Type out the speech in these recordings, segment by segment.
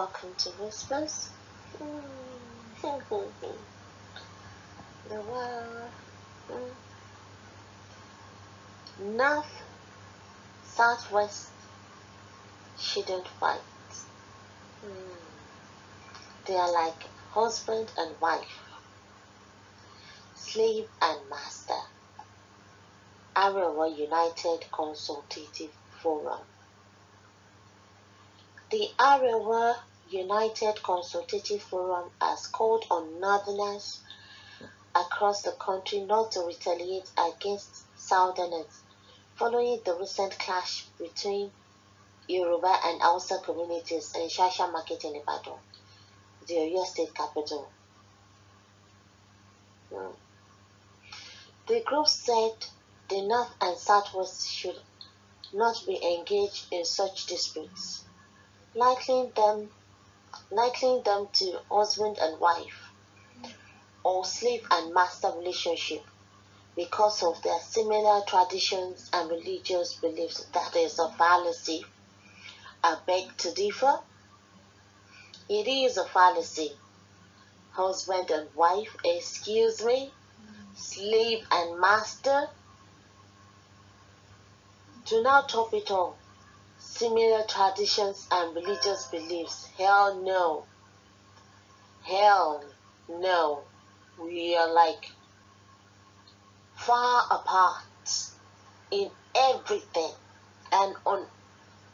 welcome to Christmas. there were north, southwest, she don't fight. They are like husband and wife, slave and master. Arewa United Consultative Forum. The Arewa. United Consultative Forum has called on Northerners across the country not to retaliate against Southerners following the recent clash between Yoruba and Hausa communities in Shasha Market in Ibadan, the Oyo State capital. Hmm. The group said the North and Southwest should not be engaged in such disputes, likening them likening them to husband and wife or slave and master relationship because of their similar traditions and religious beliefs. That is a fallacy. I beg to differ. It is a fallacy. Husband and wife, excuse me, slave and master. Do not top it all similar traditions and religious beliefs. Hell no. Hell no. We are like far apart in everything and on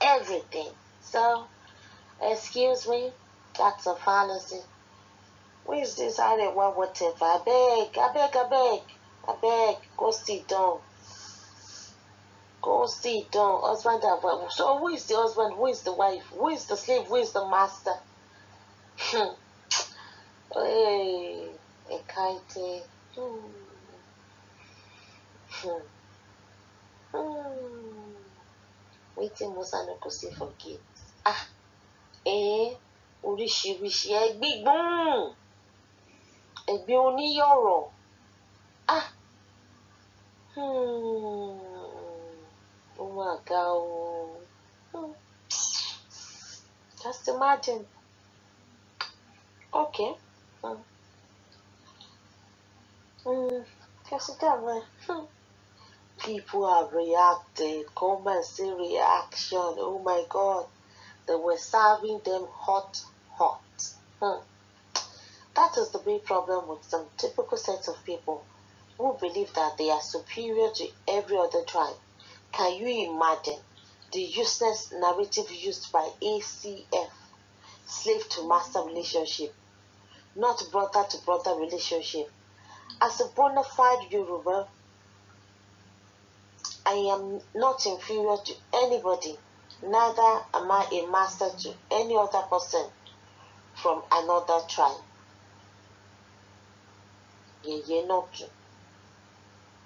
everything. So, excuse me, that's a fallacy. We is this one whatever? I beg, I beg, I beg, I beg, go sit down. go see, down, husband and wife. So who is the husband? Who is the wife? Who is the slave? Who is the master? Hmm. hey, eh, Ekaite. Hmm. Hmm. Hmm. Wetin Musa no go see forget. Ah, eh, oríṣiríṣi ẹgbígbón ẹgbẹ́ oníyọ̀rọ̀. Ah, hmm. Oh my God! Just imagine. Okay. Hmm. guess people have reacted. Come and see reaction. Oh my god. They were serving them hot, hot. Hmm. That is the big problem with some typical sets of people who believe that they are superior to every other tribe can you imagine the useless narrative used by ACF, slave to master relationship, not brother to brother relationship? As a bona fide Yoruba, I am not inferior to anybody, neither am I a master to any other person from another tribe. Yeye Noki.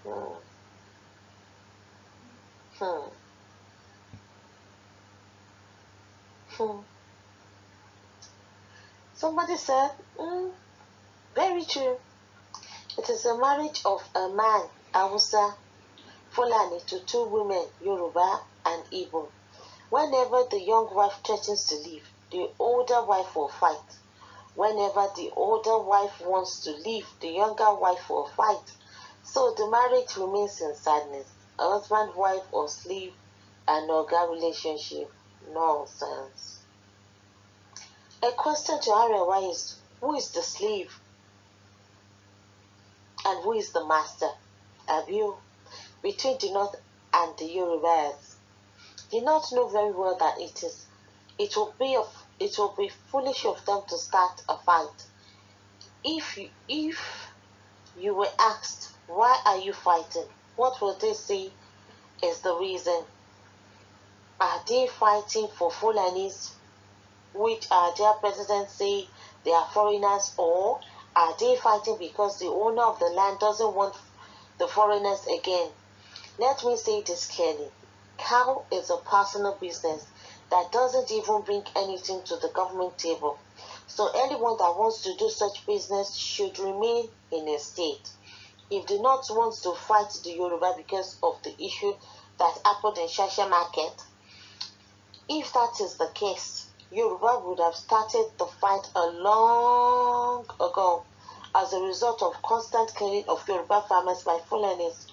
Hmm four, four. Somebody said, mm, very true. It is a marriage of a man, Awusa, Fulani to two women, Yoruba and Igbo. Whenever the young wife threatens to leave, the older wife will fight. Whenever the older wife wants to leave, the younger wife will fight. So the marriage remains in sadness husband, wife, or slave, and oga relationship. Nonsense. A question to why is who is the slave and who is the master? Have you between the north and the universe? Do not know very well that it is it will be of it will be foolish of them to start a fight. If you if you were asked why are you fighting? What will they say is the reason? Are they fighting for Fulanis, which are uh, their president say they are foreigners, or are they fighting because the owner of the land doesn't want the foreigners again? Let me say this clearly. Cow is a personal business that doesn't even bring anything to the government table. So anyone that wants to do such business should remain in a state. If the North wants to fight the Yoruba because of the issue that happened in Shasha Market, if that is the case, Yoruba would have started the fight a long ago as a result of constant killing of Yoruba farmers by foreigners,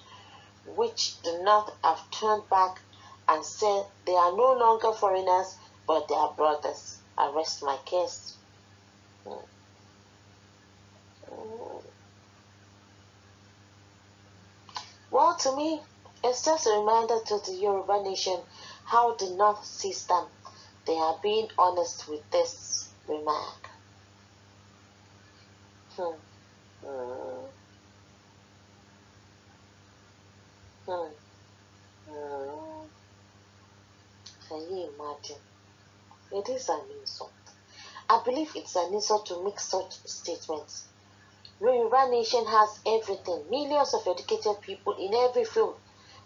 which the North have turned back and said they are no longer foreigners but they are brothers. I rest my case. Hmm. Well, to me, it's just a reminder to the Yoruba nation how the North sees them. They are being honest with this remark. Hmm. Hmm. Hmm. Hmm. Can you imagine? It is an insult. I believe it's an insult to make such statements Yoruba nation has everything, millions of educated people in every field,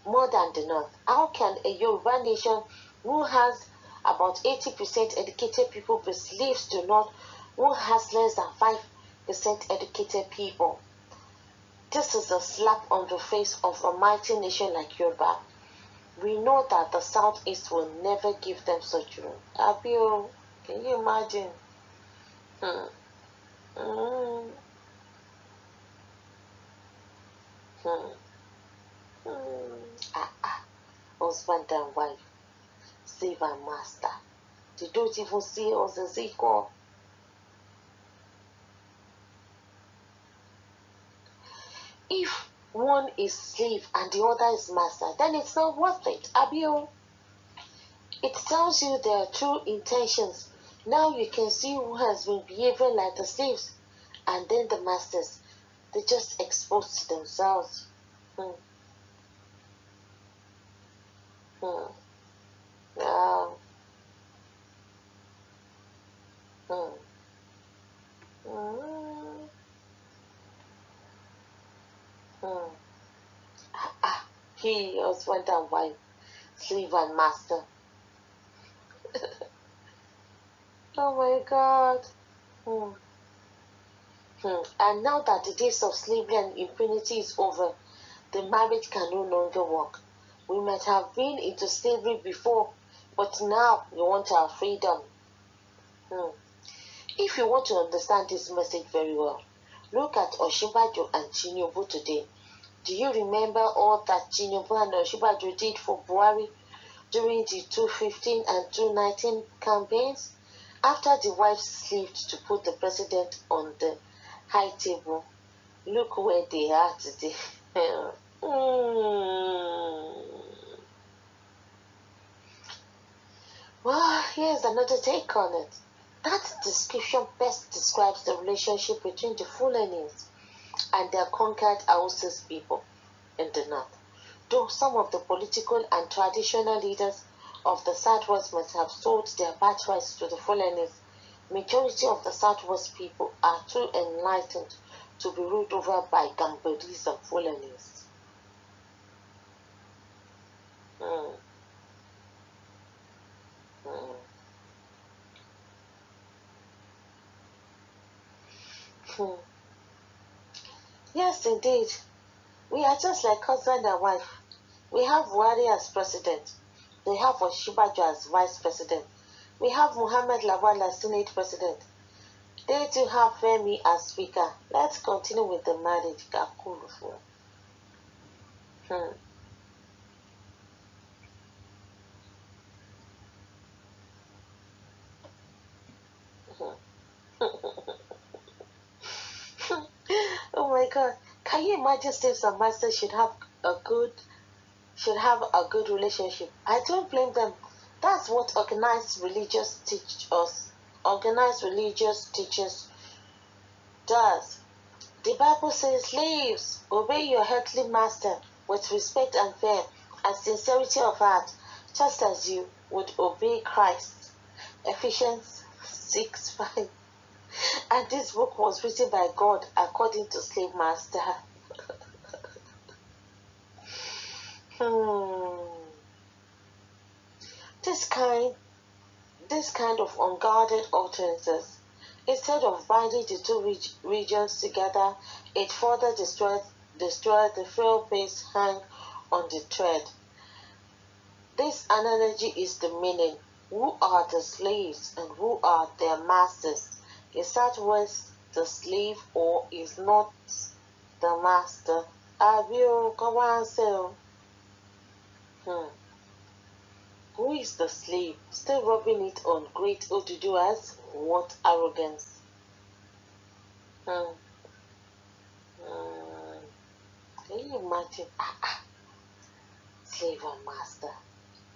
more than the North. How can a Yoruba nation who has about 80% educated people but believes the North, who has less than 5% educated people? This is a slap on the face of a mighty nation like Yoruba. We know that the Southeast will never give them such room. Abio, can you imagine? Hmm. Mm. Hmm. Ah, ah. Husband and wife. Slave and master. They don't even see us as equal. If one is slave and the other is master, then it's not worth it. Abio, it tells you their true intentions. Now you can see who has been behaving like the slaves and then the masters. They just expose themselves. Hmm. Hmm. Yeah. Hmm. Hmm. Ah, ah. he also went down slave and master. oh my god. Hmm. Hmm. And now that the days of slavery and impunity is over, the marriage can no longer work. We might have been into slavery before, but now we want our freedom. Hmm. If you want to understand this message very well, look at Oshibajo and Chinyobu today. Do you remember all that Chinyobu and Oshibajo did for Buhari during the 2015 and 2019 campaigns? After the wives slipped to put the president on the high table. Look where they are today. mm. Well, here's another take on it. That description best describes the relationship between the Fulanis and their conquered Hausa's people in the north. Though some of the political and traditional leaders of the southwest must have sold their birthrights to the Fulanis Majority of the Southwest people are too enlightened to be ruled over by Gambadis and foreigners. Hmm. Hmm. Hmm. Yes, indeed. We are just like husband and wife. We have Wari as president. They have Oshibajo as vice president. We have Muhammad Lawal as Senate President. They too have Femi as Speaker. Let's continue with the marriage. Hmm. oh my god can you imagine slaves and masters should have a good should have a good relationship i don't blame them that's what organized religious teach us. Organized religious teachings does. The Bible says, Slaves, obey your earthly master with respect and fear and sincerity of heart, just as you would obey Christ. Ephesians 6 5. And this book was written by God according to slave master. hmm. This kind, this kind of unguarded utterances, instead of binding the two reg regions together, it further destroys, destroys the frail pins hung on the thread. This analogy is the meaning. Who are the slaves and who are their masters? Is that worth the slave or is not the master? will come and sell. Hmm. Who is the slave still rubbing it on great Oduduas? What arrogance! Um, um, can you imagine? Ah, ah, slave and master,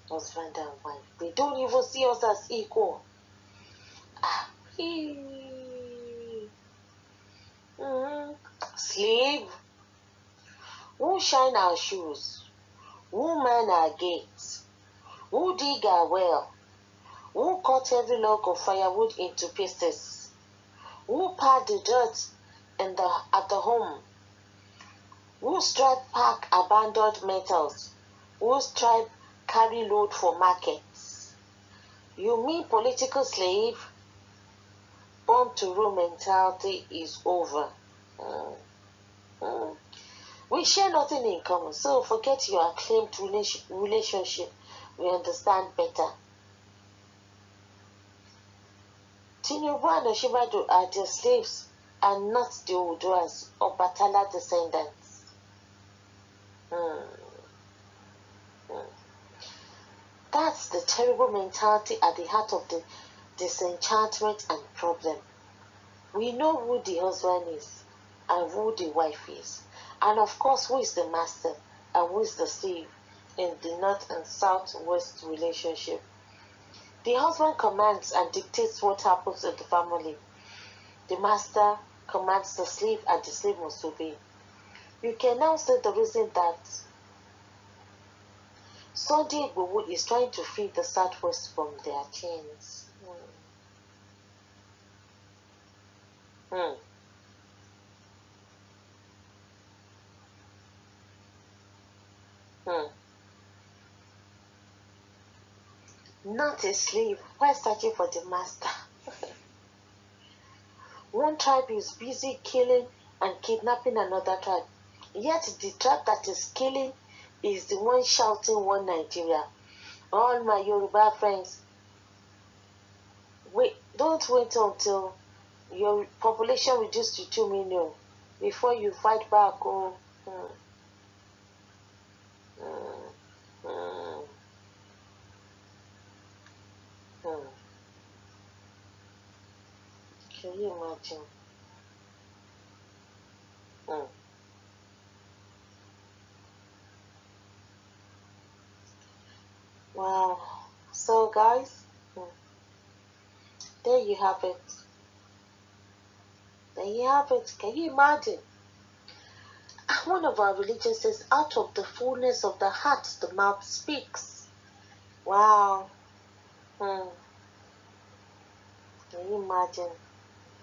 husband and wife, they don't even see us as equal. Ah, he, mm, slave, who shine our shoes? Who man our gates? who dig a well, who cut every log of firewood into pieces, who pad the dirt in the, at the home, who stripe pack abandoned metals, who stripe carry load for markets. You mean political slave? Born to rule mentality is over. Mm. Mm. We share nothing in common, so forget your acclaimed relationship we understand better. Tinubu and Oshimadu are the slaves and not the Oduas or Batala descendants. Hmm. hmm. That's the terrible mentality at the heart of the disenchantment and problem. We know who the husband is and who the wife is, and of course, who is the master and who is the slave in the north and southwest relationship. The husband commands and dictates what happens in the family. The master commands the slave and the slave must obey. You can now see the reason that Sunday Igbowo is trying to free the Southwest from their chains. Hmm. Hmm. Hmm. not a slave while searching for the master. One tribe is busy killing and kidnapping another tribe, yet the tribe that is killing is the one shouting one Nigeria. All my Yoruba friends, wait, don't wait until your population reduced to 2 million before you fight back. Oh, hmm. Hmm. Can you imagine? Hmm. Wow. So, guys, there you have it. There you have it. Can you imagine? One of our religions says, out of the fullness of the heart, the mouth speaks. Wow. Hmm. Can you imagine?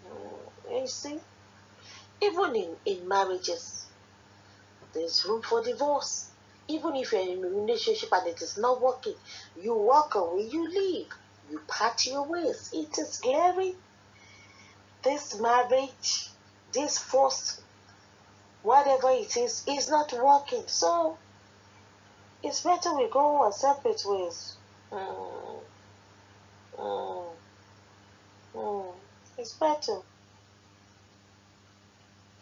Hmm. You see, even in, in marriages, there's room for divorce. Even if you're in a relationship and it is not working, you walk away, you leave, you part your ways. It is glaring. This marriage, this force, whatever it is, is not working. So, it's better we go our separate ways. Hmm. Mm. Mm. It's better.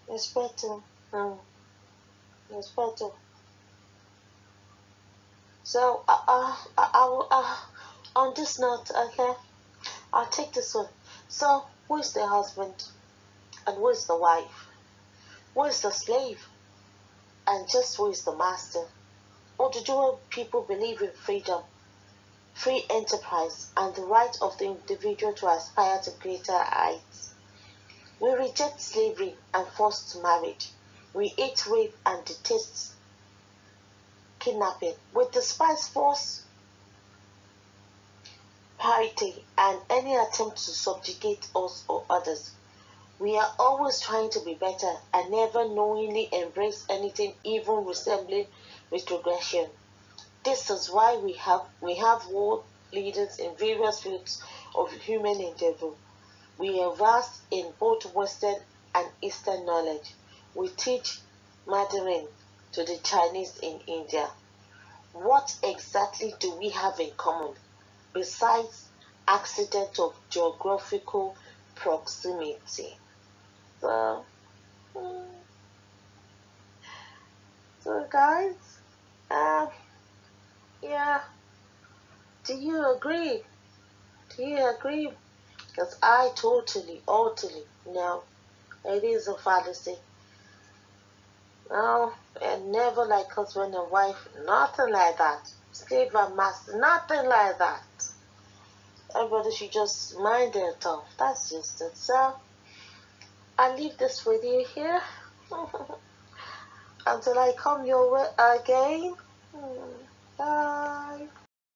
It's better. Mm. It's better. So, uh, uh, uh I, I uh, on this note, okay, I'll take this one. So, who is the husband? And who is the wife? Who is the slave? And just who is the master? Or do you people believe in freedom? free enterprise, and the right of the individual to aspire to greater heights. We reject slavery and forced marriage. We hate rape and detest kidnapping. We despise force, parity, and any attempt to subjugate us or others. We are always trying to be better and never knowingly embrace anything even resembling retrogression. This is why we have we have world leaders in various fields of human endeavor. We are vast in both Western and Eastern knowledge. We teach Mandarin to the Chinese in India. What exactly do we have in common besides accident of geographical proximity? So, hmm. so guys, uh, yeah. Do you agree? Do you agree? Because I totally, utterly, no. It is a fallacy. No, and never like husband and wife, nothing like that. Slave and master, nothing like that. Everybody should just mind their tongue. That's just it. So, I leave this with you here. Until I come your way again. Hmm. Bye.